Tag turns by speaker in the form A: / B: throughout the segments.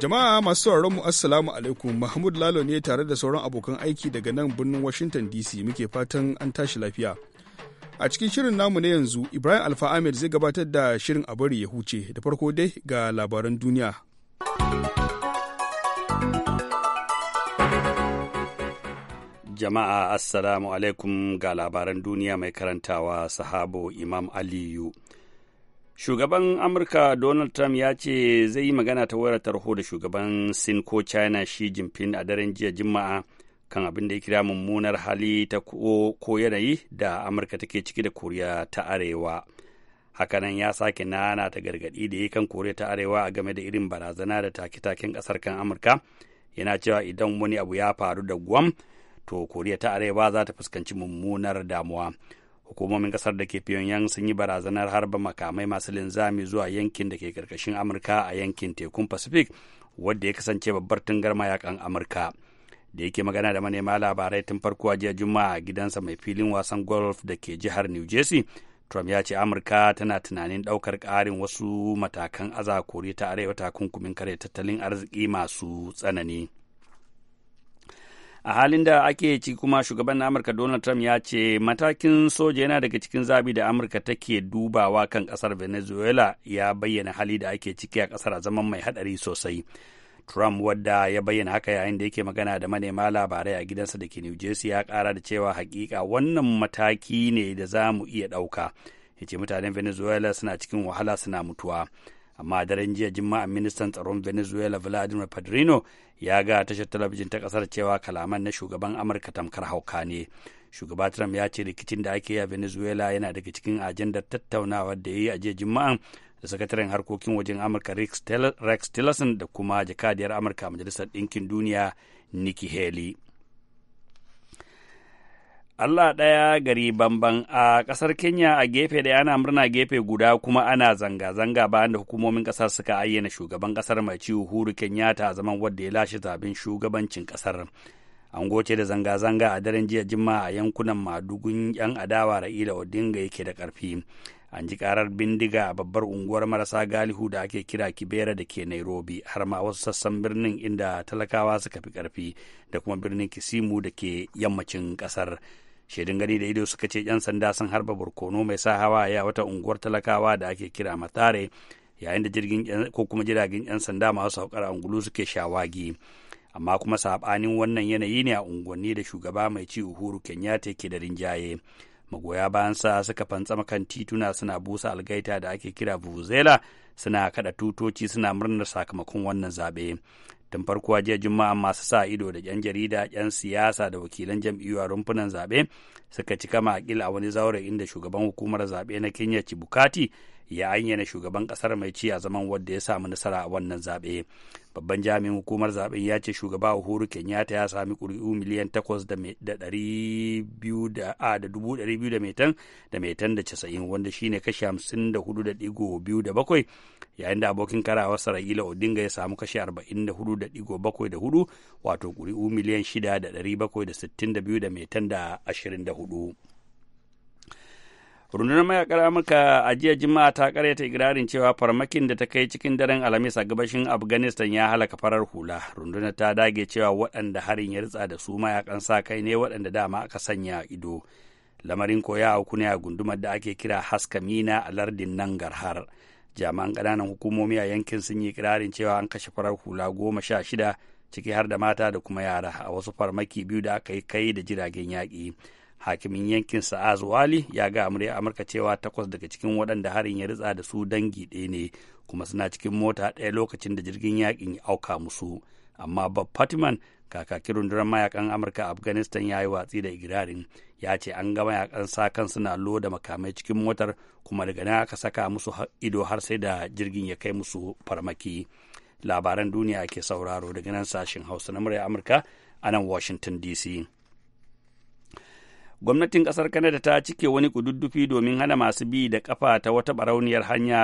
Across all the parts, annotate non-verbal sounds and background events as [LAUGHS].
A: Jama'a masu sauraron mu Assalamu alaikum Mahmud Lalo ne tare da sauran abokan aiki daga nan birnin Washington DC muke fatan an tashi lafiya. A cikin shirin namu na yanzu Ibrahim Alfa Ahmed zai gabatar da shirin a bari ya huce da farko dai ga labaran duniya.
B: Jama'a Assalamu alaikum ga labaran duniya mai karantawa sahabo Imam Aliyu. Shugaban Amurka Donald Trump ya ce zai yi magana ta wayar tarho da shugaban Sin ko China Xi Jinping a daren jiya Juma'a kan abin da ya kira mummunar hali ta ko yanayi da Amurka take ciki da Koriya ta Arewa. Hakanan ya sake nana ta gargaɗi da yi kan Koriya ta Arewa a game da irin barazana da take-taken ƙasar kan Amurka. Yana cewa idan wani abu ya faru da Guam, to Koriya ta Arewa za ta fuskanci mummunar damuwa. hukumomin kasar da ke pyongyang sun yi barazanar harba makamai masu linzami zuwa yankin da ke karkashin amurka a yankin tekun pacific wadda ya kasance babbar tungar mayakan amurka da yake magana da manema labarai tun farko a jiya juma'a gidansa mai filin wasan golf da ke jihar new jersey trump ya ce amurka tana tunanin daukar karin wasu matakan aza kori ta arewa takunkumin kare tattalin arziki masu tsanani a halin da ake ci kuma shugaban amurka donald trump ya ce matakin soja yana daga cikin zabi da amurka take dubawa kan kasar venezuela ya bayyana hali da ake ciki a kasar a zaman mai hadari sosai trump wadda ya bayyana haka yayin da yake magana da manema labarai a gidansa da ke new jersey ya kara da cewa hakika wannan mataki ne da za mu iya ɗauka ya ce mutanen venezuela suna cikin wahala suna mutuwa amma daren jiya juma'a ministan tsaron venezuela vladimir padrino ya ga tashar talabijin ta kasar cewa kalaman na shugaban amurka tamkar hauka ne shugaba trump ya ce rikicin da ake yi a venezuela yana daga cikin ajandar tattaunawa da ya yi a jiya juma'an da sakataren harkokin wajen amurka rex tillerson da kuma jakadiyar amurka majalisar ɗinkin duniya nikki haley Allah ɗaya gari bamban a ƙasar Kenya a gefe da ana murna gefe guda kuma ana zanga-zanga bayan da hukumomin ƙasar suka ayyana shugaban ƙasar mai ci Uhuru Kenyatta a zaman wadda ya lashe zaben shugabancin ƙasar. An goce da zanga-zanga a daren jiya Juma'a a yankunan Madugun 'yan adawa Ra'ila Odinga yake da ƙarfi. An ji karar bindiga a babbar unguwar marasa galihu da ake kira Kibera da ke Nairobi har ma wasu sassan birnin inda talakawa suka fi ƙarfi da kuma birnin Kisimu da ke yammacin ƙasar. shirin gani da ido suka ce 'yan sanda sun harba barkono mai sa hawaye a wata unguwar talakawa da ake kira matare yayin da jirgin ko kuma jiragen 'yan sanda masu saukar angulu suke shawagi amma kuma saɓanin wannan yanayi ne a unguwanni da shugaba mai ci uhuru kenyatta ke da rinjaye magoya bayan sa suka fantsama kan tituna suna busa algaita da ake kira vuvuzela suna kada tutoci suna murnar sakamakon wannan zaɓe tun farko jiya juma'a masu sa ido da 'yan jarida 'yan siyasa da wakilan jam'iyyu a rumfunan zaɓe suka cika makil a wani zaure inda shugaban hukumar zaɓe na kenya chibukati ya ayyana shugaban kasar mai ci a zaman wadda ya samu nasara a wannan zaɓe babban jami'in hukumar zaɓen ya ce shugaba uhuru kenyatta ya sami ƙuri'u miliyan takwas da dubu ɗari biyu da metan da da casa'in wanda shine kashi hamsin da hudu da ɗigo biyu da bakwai yayin da abokin karawa sara'ila odinga ya samu kashi arba'in da hudu da ɗigo bakwai da hudu wato ƙuri'u miliyan shida da ɗari bakwai da sittin da biyu da metan da ashirin da hudu. rundunar mayakar amurka a jiya juma'a ta karyata igirarin cewa farmakin da ta kai cikin daren alhamis a gabashin afghanistan ya halaka farar hula rundunar ta dage cewa waɗanda harin ya ritsa da su mayakan sa kai ne waɗanda dama aka sanya ido lamarin koya auku ne a gundumar da ake kira haskamina a lardin nan garhar jami'an kananan hukumomi a yankin sun yi kirarin cewa an kashe farar hula goma sha shida ciki har da mata da kuma yara a wasu farmaki biyu da aka yi kai da jiragen yaƙi hakimin yankin sa'az wali ya ga amurya amurka cewa takwas daga cikin waɗanda harin ya ritsa da su dangi ɗaya ne kuma suna cikin mota ɗaya lokacin da jirgin yakin ya auka musu amma bob patman kakakin rundunar mayakan amurka afghanistan ya yi watsi da igirarin ya ce an ga mayakan sakan suna loda makamai cikin motar kuma daga nan aka saka musu ido har sai da jirgin ya kai musu farmaki labaran duniya ke sauraro daga nan sashen hausa na murya amurka a nan washington dc gwamnatin kasar Canada ta cike wani kududdufi domin hana masu bi da kafa ta wata barauniyar hanya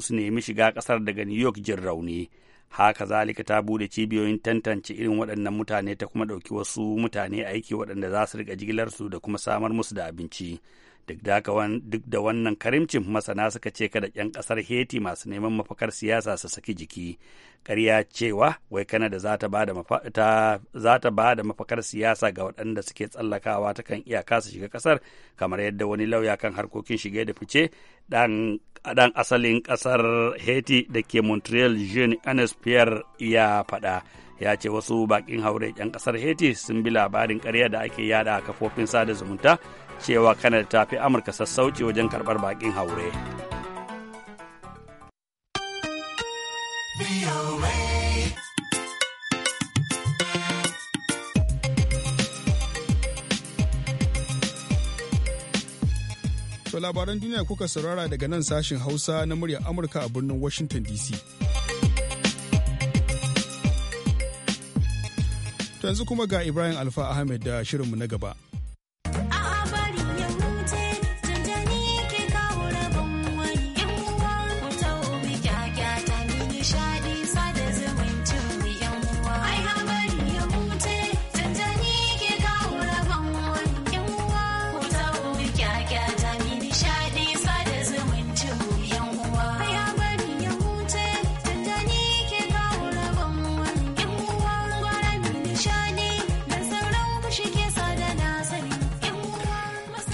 B: su nemi shiga kasar daga New York jin rauni. Haka zalika ta bude cibiyoyin tantance irin waɗannan mutane ta kuma ɗauki wasu mutane aiki waɗanda za su riƙa jigilarsu da kuma samar musu da abinci. duk da wannan karimcin masana suka ce kada 'yan kasar heti masu neman mafakar siyasa su saki jiki karya cewa wai kanada za ta ba da mafakar siyasa ga waɗanda suke tsallakawa ta kan iyaka su shiga ƙasar kamar yadda wani lauya kan harkokin shige da fice ɗan asalin ƙasar heti da ke montreal jean ernest pierre ya faɗa ya ce wasu baƙin haure 'yan ƙasar heti sun bi labarin ƙarya da ake yada a kafofin sada zumunta cewa Canada ta fi Amurka sassauci wajen karɓar baƙin haure.
A: To labaran duniya kuka saurara daga nan sashin Hausa na muryar Amurka a birnin Washington DC. yanzu kuma ga Ibrahim Alfa Ahmed da shirinmu na gaba.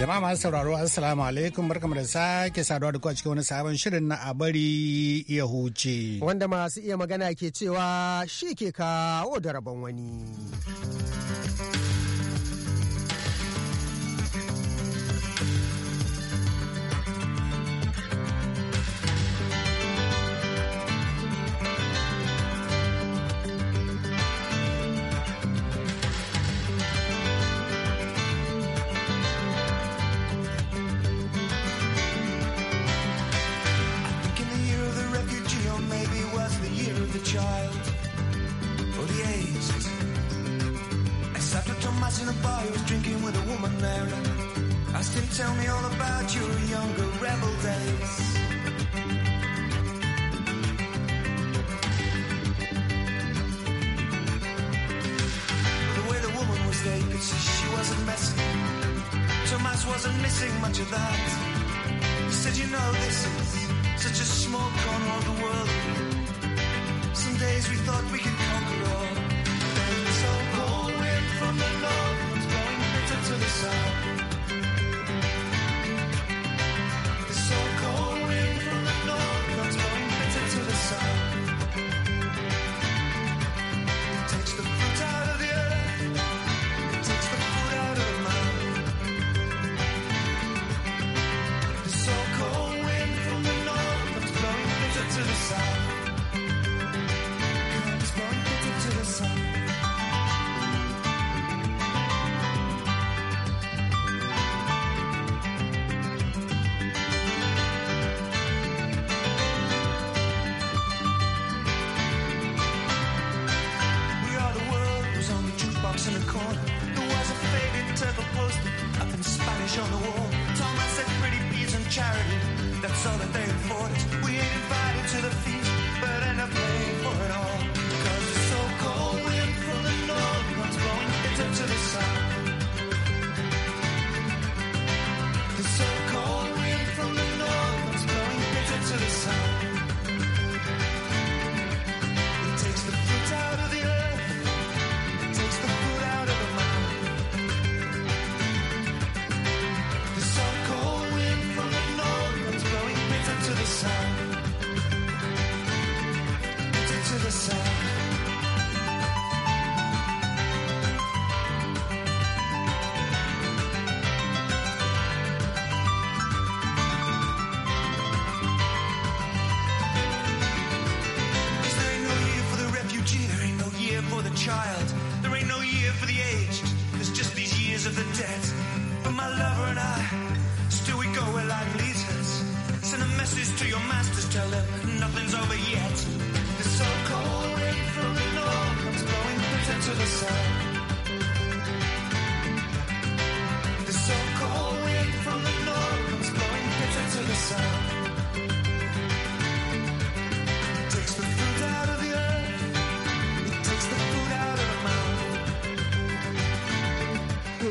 C: Jama'a masu sauraro Assalamu alaikum barkamu da sake saduwa da kuwa cikin wani sabon shirin na a bari
D: ya huce. Wanda masu iya magana ke cewa shi ke kawo da rabon wani.
E: child or the aged. I sat with Thomas in a bar, he was drinking with a woman there. Asked him, tell me all about your younger rebel days. The way the woman was there, you could see she wasn't messing. Thomas wasn't missing much of that. He said, you know, this is such a small corner of the world we we thought could conquer south.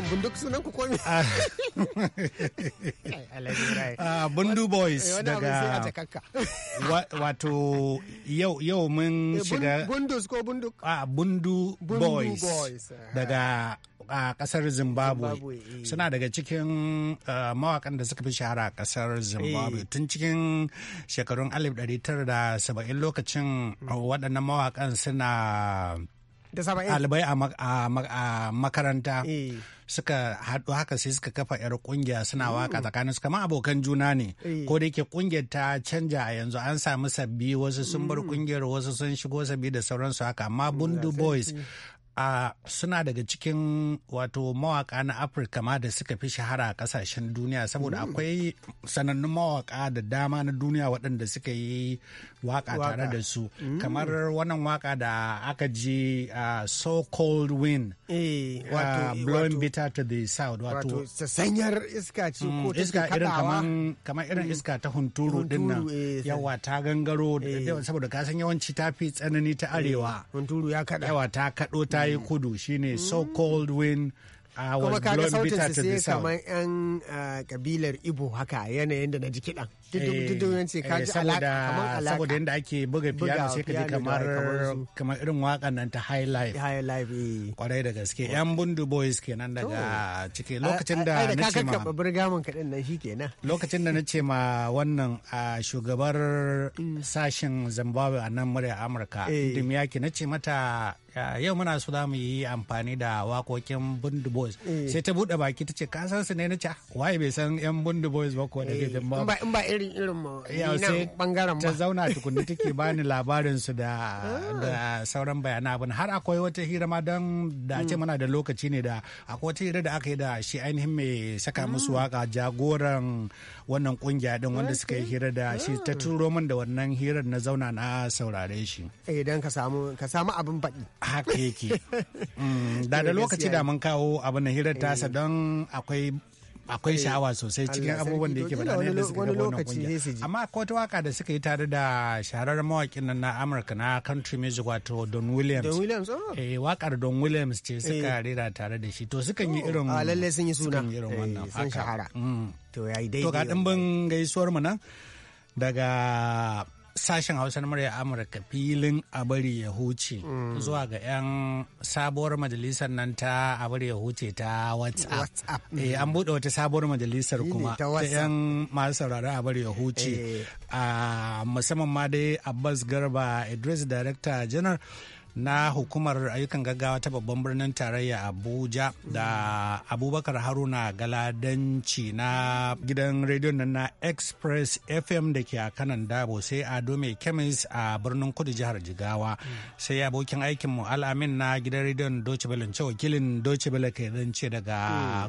D: bunduk sunan ku komi [LAUGHS] ah. ah,
C: bundu boys daga [LAUGHS] wato yau yau mun eh, shiga bundus ko bunduk ah, bundu boys daga a kasar zimbabwe eh. suna daga cikin mawakan da suka fi shahara a kasar zimbabwe eh. tun cikin shekarun 1970 lokacin mm. waɗannan mawakan suna
D: ɗalibai
C: a makaranta eh. suka haɗu haka sai suka kafa 'yar ƙungiya suna mm. waka tsakanin su kamar abokan juna ne eh. ko da yake kungiyar ta canja a yanzu an samu sabbi wasu sun bar mm. ƙungiyar wasu sun shigo sabbi da sauransu haka amma bundu boys a suna daga cikin wato mawaka na afirka ma da suka fi shahara a kasashen duniya saboda hmm. akwai sanannun mawaka da dama na duniya waɗanda suka yi waka tare da su hmm. kamar wannan waka da aka ji so cold wind eh, blowing bitter to the south wato sanyar
D: iska ce hmm, ko iska irin
C: kamar irin iska ta hunturu din nan eh, yawa ta gangaro eh. saboda kasan yawanci ta fi tsanani ta arewa hunturu ya kada yawa ta kado ta yi mm. kudu shine mm. so cold wind kuma kaga sautin su sai kamar
D: yan ah, kabilar ibo haka yanayin da na ji kiɗan Eh, saboda yadda ake buga piano sai ka ji kamar
C: kamar irin wakan nan ta high
D: life high life
C: eh. kwarai da gaske yan bundu boys kenan daga ciki lokacin da na ce ma
D: burgamun kaɗin nan shi kenan
C: lokacin da na ce ma wannan shugabar mm. sashen zimbabwe a nan murya amurka eh. dimyaki na ce mata yau muna so za mu yi amfani da wakokin bundu boys sai ta bude baki ta ce ka san su ne na ce ah, waye bai san yan bundu boys ba ko da ke zimbabwe
D: irin irin eh,
C: ta zauna tukunna take bani labarin su ah. da sauran bayanan abin har akwai wata hira ma don da ce mm. muna da lokaci ne da akwai wata hira da aka yi da shi ainihin mai saka musu mm. waka jagoran wannan kungiya din wanda suka yi hira da shi ta ah. turo min da wannan hirar na zauna na saurare shi eh
D: dan ka samu ka samu abin baɗi haka
C: yake [LAUGHS] mm, da da eh, lokaci da mun kawo abin hirar tasa eh. don akwai akwai eh, sha'awa sosai cikin abubuwan da yake faɗa ne da suka gaba wannan kungiya amma akwai wata waka da suka yi tare da shahararren mawakin nan na Amurka na country music wato Don Williams Don Williams oh. eh wakar Don Williams ce suka eh. rera tare da shi to sukan yi oh, irin a lalle sun yi suna irin wannan eh, sun shahara mm. to yayi daidai to ga dimbin gaisuwar mu nan daga sashen hausa na murya amurka filin abari ya huce mm. zuwa ga 'yan sabuwar majalisar nan ta abari ya huce ta whatsapp eh, an buɗe wata sabuwar majalisar kuma ta 'yan masu sauraron abari ya huce eh. ah, musamman ma dai abbas garba idris director general na hukumar ayyukan gaggawa ta babban birnin tarayya abuja da abubakar haruna galadanci na gidan rediyon nan na express fm da ke a kanan dabo sai ado mai kemis a birnin kudu jihar jigawa sai abokin aikinmu al'amin na gidan rediyon doce belance wakilin doce balance ke ce daga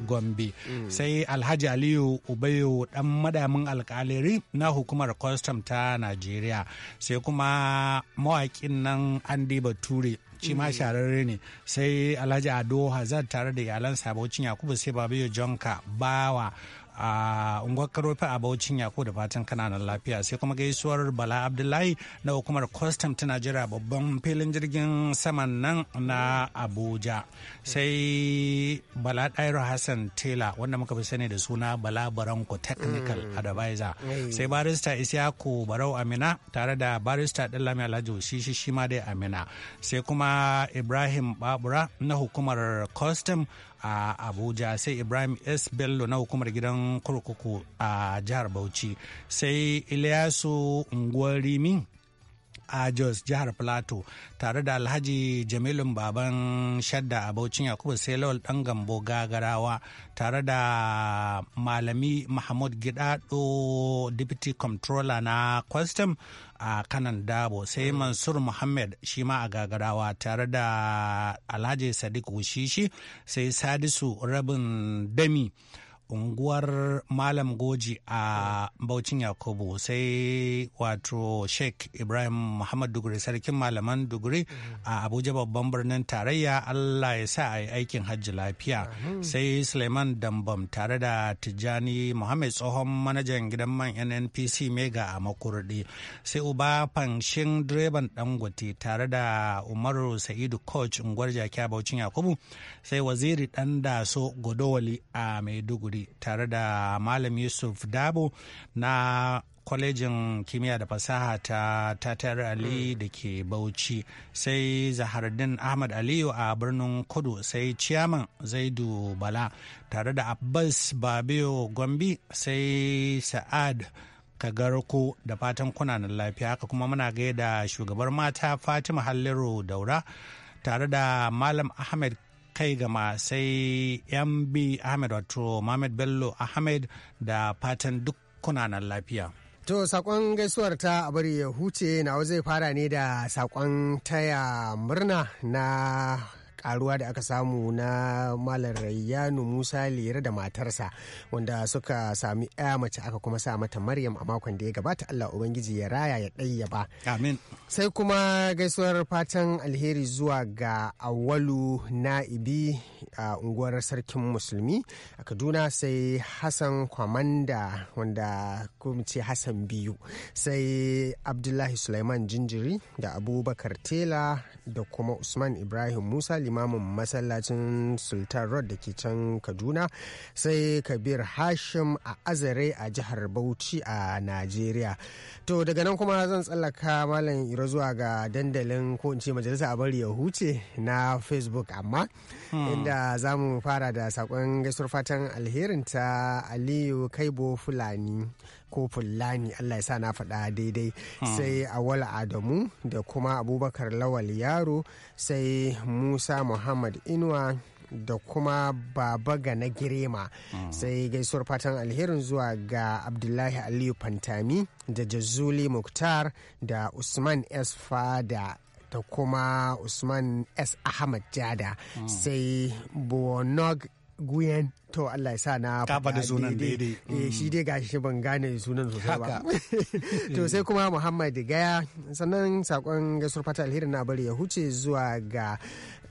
C: mm. gombe mm. sai alhaji aliyu ubayo dan madamin alkaliri na hukumar kwastam ta najeriya sai kuma mawaƙin nan andi batu bature shi ma mm. shahararre ne sai alhaji ado hazard tare da iyalansa abocin yakubu sai babayo jonka bawa a unguwar karofi a baucin yako da fatan kananan lafiya sai kuma gaisuwar bala abdullahi na hukumar kwastam ta najeriya babban filin jirgin saman nan na abuja sai bala ɗairu hassan tela wanda muka fi sani da suna bala baranko technical mm. advisor sai barista isyaku barau amina tare da barista ɗallami alhaji shi shi ma dai amina sai kuma ibrahim babura na hukumar kwastam a abuja sai ibrahim s bello na hukumar gidan kurkuku a jihar bauchi sai ilyasu Nguwarimi. a Jos jihar Plateau tare da Alhaji Jamilun Baban Shadda a Baucin Yakubu Selol dan Gambo Gagarawa tare da Malami Mahmud Gidado Deputy Comptroller na kwastam a kanan dabo sai mm. mansur muhammad shi ma a gagarawa tare da alhaji sadiq wushishi sai sadisu rabin dami unguwar malam goji a baucin yakubu sai wato sheikh ibrahim muhammad duguri sarkin malaman duguri a abuja babban birnin tarayya allah ya sa a yi aikin hajji lafiya sai suleiman dambam tare da tijjani muhammad tsohon manajan gidan man nnpc mega a makurdi sai uba fanshin direban dangote tare da umaru sa'idu coach unguwar jaki a baucin yakubu sai waziri dan daso godowali a maiduguri tare da Malam Yusuf Dabo na kwalejin kimiyya da fasaha ta tatar ali hmm. da ke bauchi sai zahardin ahmad aliyu a birnin kudu sai ciyaman zaidu bala tare da abbas babio gombi sai sa'ad kagarko da fatan kunanan lafiya haka kuma muna gaida shugabar mata fatima halliru daura tare da malam ahmed kai gama sai mb ahmed wato mohamed bello ahmed da fatan duk kunanan lafiya
D: To sakon gaisuwar ta a bari ya huce nawa zai fara ne da sakon taya murna na karuwa da aka samu na malar rayyanu musa lere da matarsa wanda suka sami ya mace aka kuma sa mata maryam a makon da ya gabata allah ubangiji ya raya ya ɗayyaba amin sai kuma gaisuwar fatan alheri zuwa ga awalu na'ibi a unguwar sarkin musulmi a kaduna sai hassan kwamanda wanda kuma ce hassan biyu sai abdullahi suleiman jinjiri da abubakar tela da kuma usman ibrahim musa limamin masallacin sultan rod da ke can kaduna sai kabir hashim a azare a jihar bauchi a nigeria to daga nan kuma zan tsallaka malam iro zuwa ga dandalin ko in ce majalisa a bari ya huce na facebook amma hmm. inda za mu fara da saƙon gaisuwar fatan alherin ta aliyu kaibo fulani ko fulani allah ya sa na faɗa daidai hmm. sai awal adamu da kuma abubakar lawal yaro sai musa muhammad inuwa da kuma baba ga na girema hmm. sai gaisuwar fatan alherin zuwa ga abdullahi aliyu fantami da jazuli muktar da usman s fada da kuma usman s ahmad jada hmm. sai bonog guyen to Allah ya sa na kafa da sunan daidai eh shi dai gashi ban gane sunan sosai ba [LAUGHS] to sai kuma Muhammad Gaya sannan sakon gaisuwar fata alheri na bari ya huce zuwa ga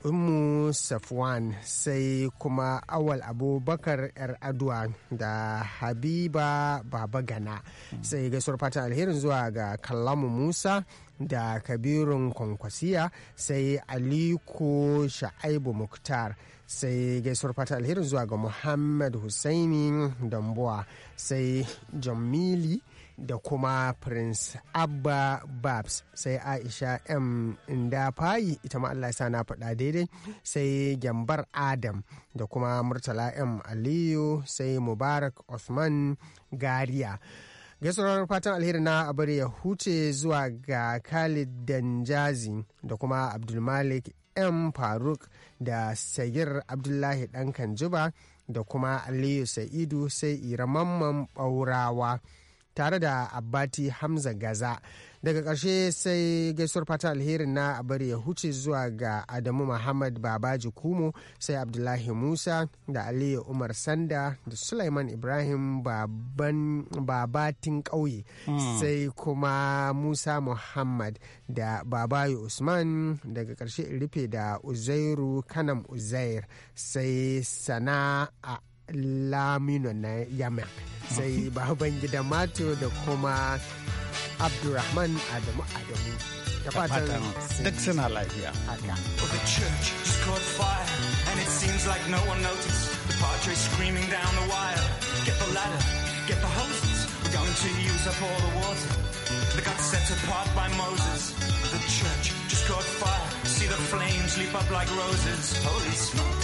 D: Ummu Safwan sai kuma Awal Abubakar ‘yar Adwa da Habiba Babagana sai gaisuwar fata alherin zuwa ga Kallamu Musa da kabirun kwankwasiya sai aliko sha'aibu muktar sai gaisuwar fata alherin zuwa ga muhammad husaini dambuwa sai jamili da kuma prince abba babs sai aisha m ndafayi ita ma allah sa na faɗa daidai sai gyambar adam da kuma murtala m aliyu sai mubarak osman gariya gaisuwar fatan alheri na abare ya huce zuwa ga khalid danjazi da kuma abdulmalik m faruk da sayir abdullahi dan kanjiba da kuma aliyu sa'idu sai iramamman ɓaurawa tare da abbati hamza gaza daga ƙarshe sai gaisuwar fata alherin na a bari ya huce zuwa ga adamu muhammad babaji kumo sai abdullahi musa da aliyu umar sanda da sulaiman ibrahim babatin ƙauye hmm. sai kuma musa muhammad da babayu usman daga ƙarshe rufe da uzairu kanam uzair sai a lamino na yamen sai [LAUGHS] baban gidan mato da kuma Abdurrahman Adamu eh, Adamu. The church just caught fire
E: and it seems like no one noticed. The padre screaming down the wire. Get the ladder, get the hoses. We're going to use up all the water. They got set apart by Moses. The church just caught fire. See the flames leap up like roses. Holy smoke.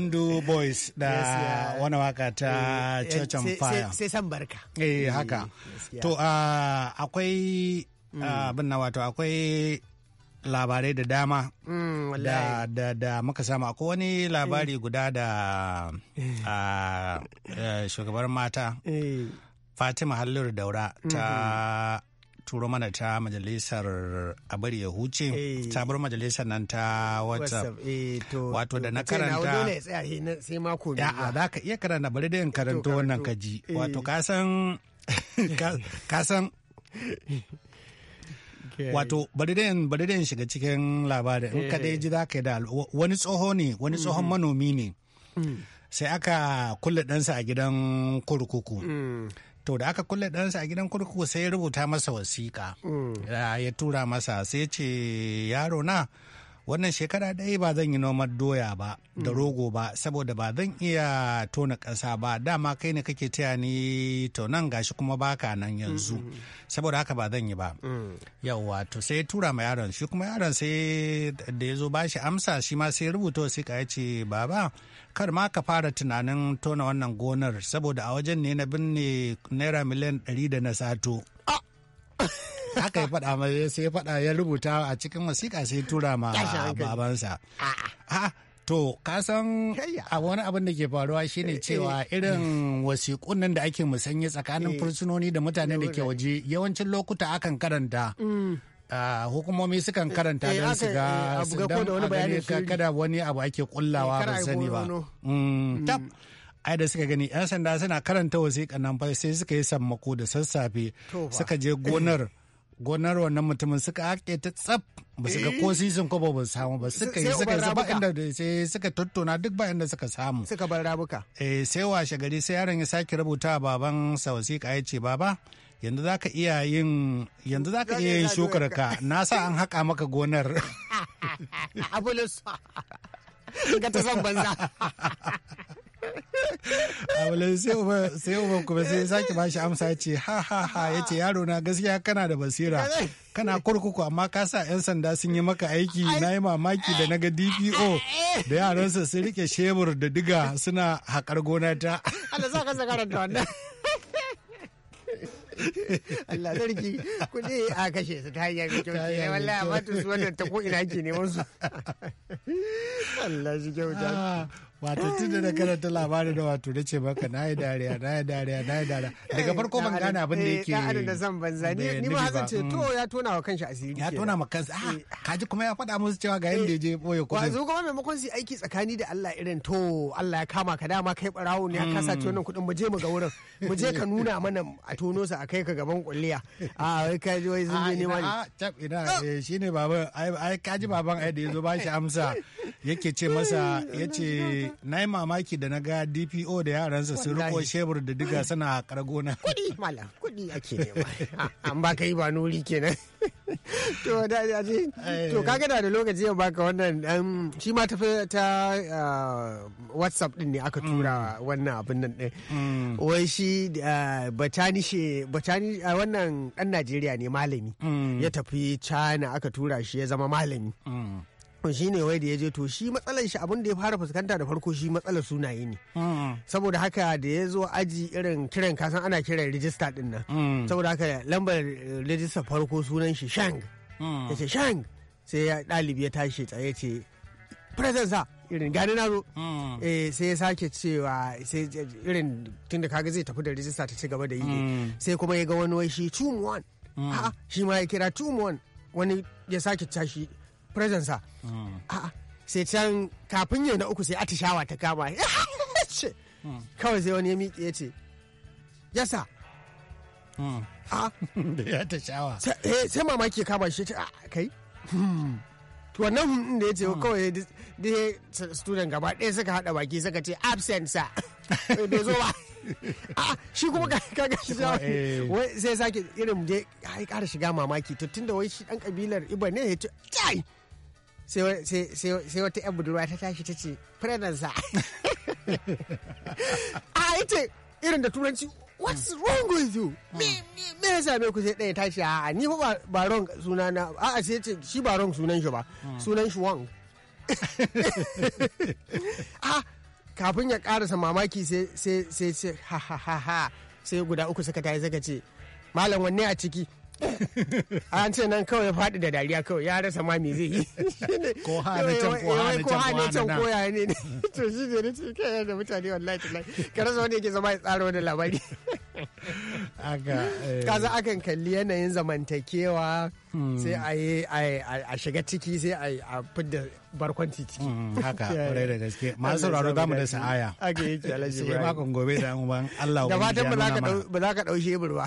C: Ondo Boys da wani waka ta eh, eh, Church on Fire. Sai
D: san barka. Eh haka. Mm, to
C: ah, akwai ah, mm. abin na wato akwai labarai da dama mm, da, muka samu akwai wani labari eh. guda da ah, shugabar mata fatima hallur daura ta mm-hmm. turo mana ta majalisar abar ya huce ta eh. bar majalisar nan ta whatsapp eh, wato da na karanta
D: sai mako za
C: ka iya karanta bari da yin karanto wannan kaji eh. wato kasan [LAUGHS] kasan wato bari da yin shiga cikin labari in ka dai ji za ka yi da wani tsoho ne wani mm-hmm. tsohon manomi ne mm. sai aka kulle ɗansa a gidan kurkuku mm. to da aka kulle ɗansa a gidan kurkuku sai ya rubuta masa wasiƙa mm. ya tura masa sai ce yaro na wannan shekara ɗaya ba zan yi noman doya ba da mm. rogo ba saboda ba zan iya tona ƙasa ba dama kai ne kake taya ni to nan gashi kuma baka nan yanzu mm. saboda haka ba zan yi ba mm. yauwa to sai tura ma yaron shi kuma yaron sai da ya zo ba shi amsa shi ma sai rubuta sai ka ce baba kar ma ka fara tunanin tona wannan gonar saboda a wajen ne na binne naira miliyan ɗari da na sato ah! [LAUGHS] haka ya faɗa ma sai ya faɗa ya rubuta a cikin wasiƙa sai tura ma babansa to ka san a wani abin da ke faruwa shine eh, cewa eh. irin wasiƙun nan da ake musanye tsakanin eh. fursunoni da mutane da ke waje yawancin lokuta akan karanta mm. hukumomi sukan karanta don su ga ka kada wani abu ake kullawa ba sani ba mm, mm. ai da suka gani 'yan sanda suna karanta wasiƙan nan ba sai suka yi sammako da sassafe suka je gonar [COUGHS] gonar wannan mutumin suka haƙe ta tsaf ba su ga ko eh. sisin ko ba samu ba suka yi suka zaba inda sai suka tattauna duk ba inda suka samu suka bar rabuka eh sai washe gari sai yaron ya sake rubuta baban sa wasiƙa ya ce baba yanzu zaka iya yin yanzu zaka iya yin shukar ka [LAUGHS] na sa an haƙa maka gonar
D: [LAUGHS] abulus ga ta san banza [LAUGHS]
C: abulai sai uba sai uba kuma sai sake bashi amsa ce ha ha ha yace yaro na gaskiya kana da basira kana kurkuku amma ka sa yan sanda sun yi maka aiki na yi mamaki da naga DPO da yaransa sun rike shebur da diga suna haƙar gona ta
D: Allah sa ka saka da wannan Allah sarki kuɗi a kashe su ta hanyar mai kyauta ne wallahi amma su wannan ta ko ina ke neman su [LAUGHS] Allah shi kyauta ah, wato tun da na karanta labarin
C: da wato na ce maka na yi dariya na yi dariya na yi dariya daga farko ban gane abin da yake na eh, adana zan
D: banza ni ma hazan ce mm. to ya tona wa kanshi asiri ya tona ma kansa ah eh. kaji kuma ya faɗa musu cewa ga eh. da ya je boye kuɗi wazo kuma maimakon su aiki tsakani da Allah irin to Allah ya kama ka dama kai barawo ne ya mm. kasa ci wannan kuɗin mu je mu ga wurin mu je ka nuna mana a tono sa a kai ka gaban kulliya a ah, wai ka ji wai zan je nema ah, ne a tab ina ah, shine baban ai kaji baban
C: ai da yazo ba shi amsa yake ce masa [LAUGHS] yace na yi mamaki da na ga DPO da yaransa sun riko shebur da diga suna haƙar gona.
D: Kuɗi mala kuɗi ake nema. An ba ka yi ba nuri kenan. [LAUGHS] to da ya ce to eh. kaga da lokaci yau baka wannan um, shi ma tafi ta uh, WhatsApp din ne aka tura mm. wannan abin nan din. Mm. Wai shi uh, Batanishe Batani uh, wannan dan Najeriya ne malami. Mm. Ya tafi China aka tura shi ya zama malami. to shi ne wai da ya je to shi matsalar shi abin da ya fara fuskanta da farko shi matsalar sunaye ne hmm. saboda haka da ya zo aji irin kiran kasan ana kiran rijista din nan hmm. saboda haka lambar rijista farko sunan shi shang hmm. ya ce shang sai ya ɗalibi ya tashi tsaye ce presence irin gani na zo eh, sai ya sake cewa sai irin tunda kaga zai tafi da rijista ta ci gaba da yi sai kuma ya ga wani wai shi 2 1 shi ma ya kira 2 1 wani ya sake tashi prison sa mm. a'a sai can kafin yau na uku sai atishawa ta kama mm. kawai sai wani ya miƙe ya ce yasa mm. [LAUGHS] da ya ta shawa eh, sai mamaki ya kama shi ta kai wannan hundun da ya ce kawai da student gaba ɗaya suka haɗa baki suka ce absent sa [LAUGHS] bai zo ba a shi kuma kaga shi zawa. Eh. sai sake irin da ya ƙara shiga mamaki to da wai shi ɗan ƙabilar iba ne ya ce sai wata yan budurwa ta tashi ta ce prenanza [LAUGHS] a ita irin da turanci what's wrong with you me me ya same ku sai ɗaya tashi a ni ba ba wrong suna na a a sai ce shi ba rong sunan shi ba sunan shi wang a [LAUGHS] ah, kafin ya karasa mamaki sai sai sai ha ha ha sai guda uku suka tayi zaka ce malam wanne a ciki an ce nan kawai ya faɗi da dariya kawai ya rasa ma me zai yi [LAUGHS] ko hana can ko hana can ko hana can ko ya ne [LAUGHS] to shi ne ne ce kai da mutane wallahi tallahi ka rasa wanda yake zama ya tsara wani labari [LAUGHS] kaza eh. akan kalli yanayin zamantakewa hmm. sai a yi a shiga ciki sai a fidda barkwanci ciki hmm, hmm, haka kwarai da gaske masu sauraro zamu da sa'aya ake yake alaji sai makon gobe da mu ban Allah da fatan ba za ka dau shebur ba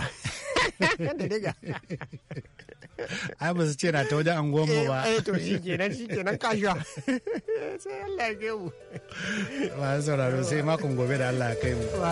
D: [LAUGHS]
C: ai ba su ce na ta wajen anguwan mu ba eh, eh to shi
D: kenan shi kenan kashuwa [LAUGHS] sai Allah ya ke mu
C: ba sauraro sai makon gobe da Allah ya kai mu ba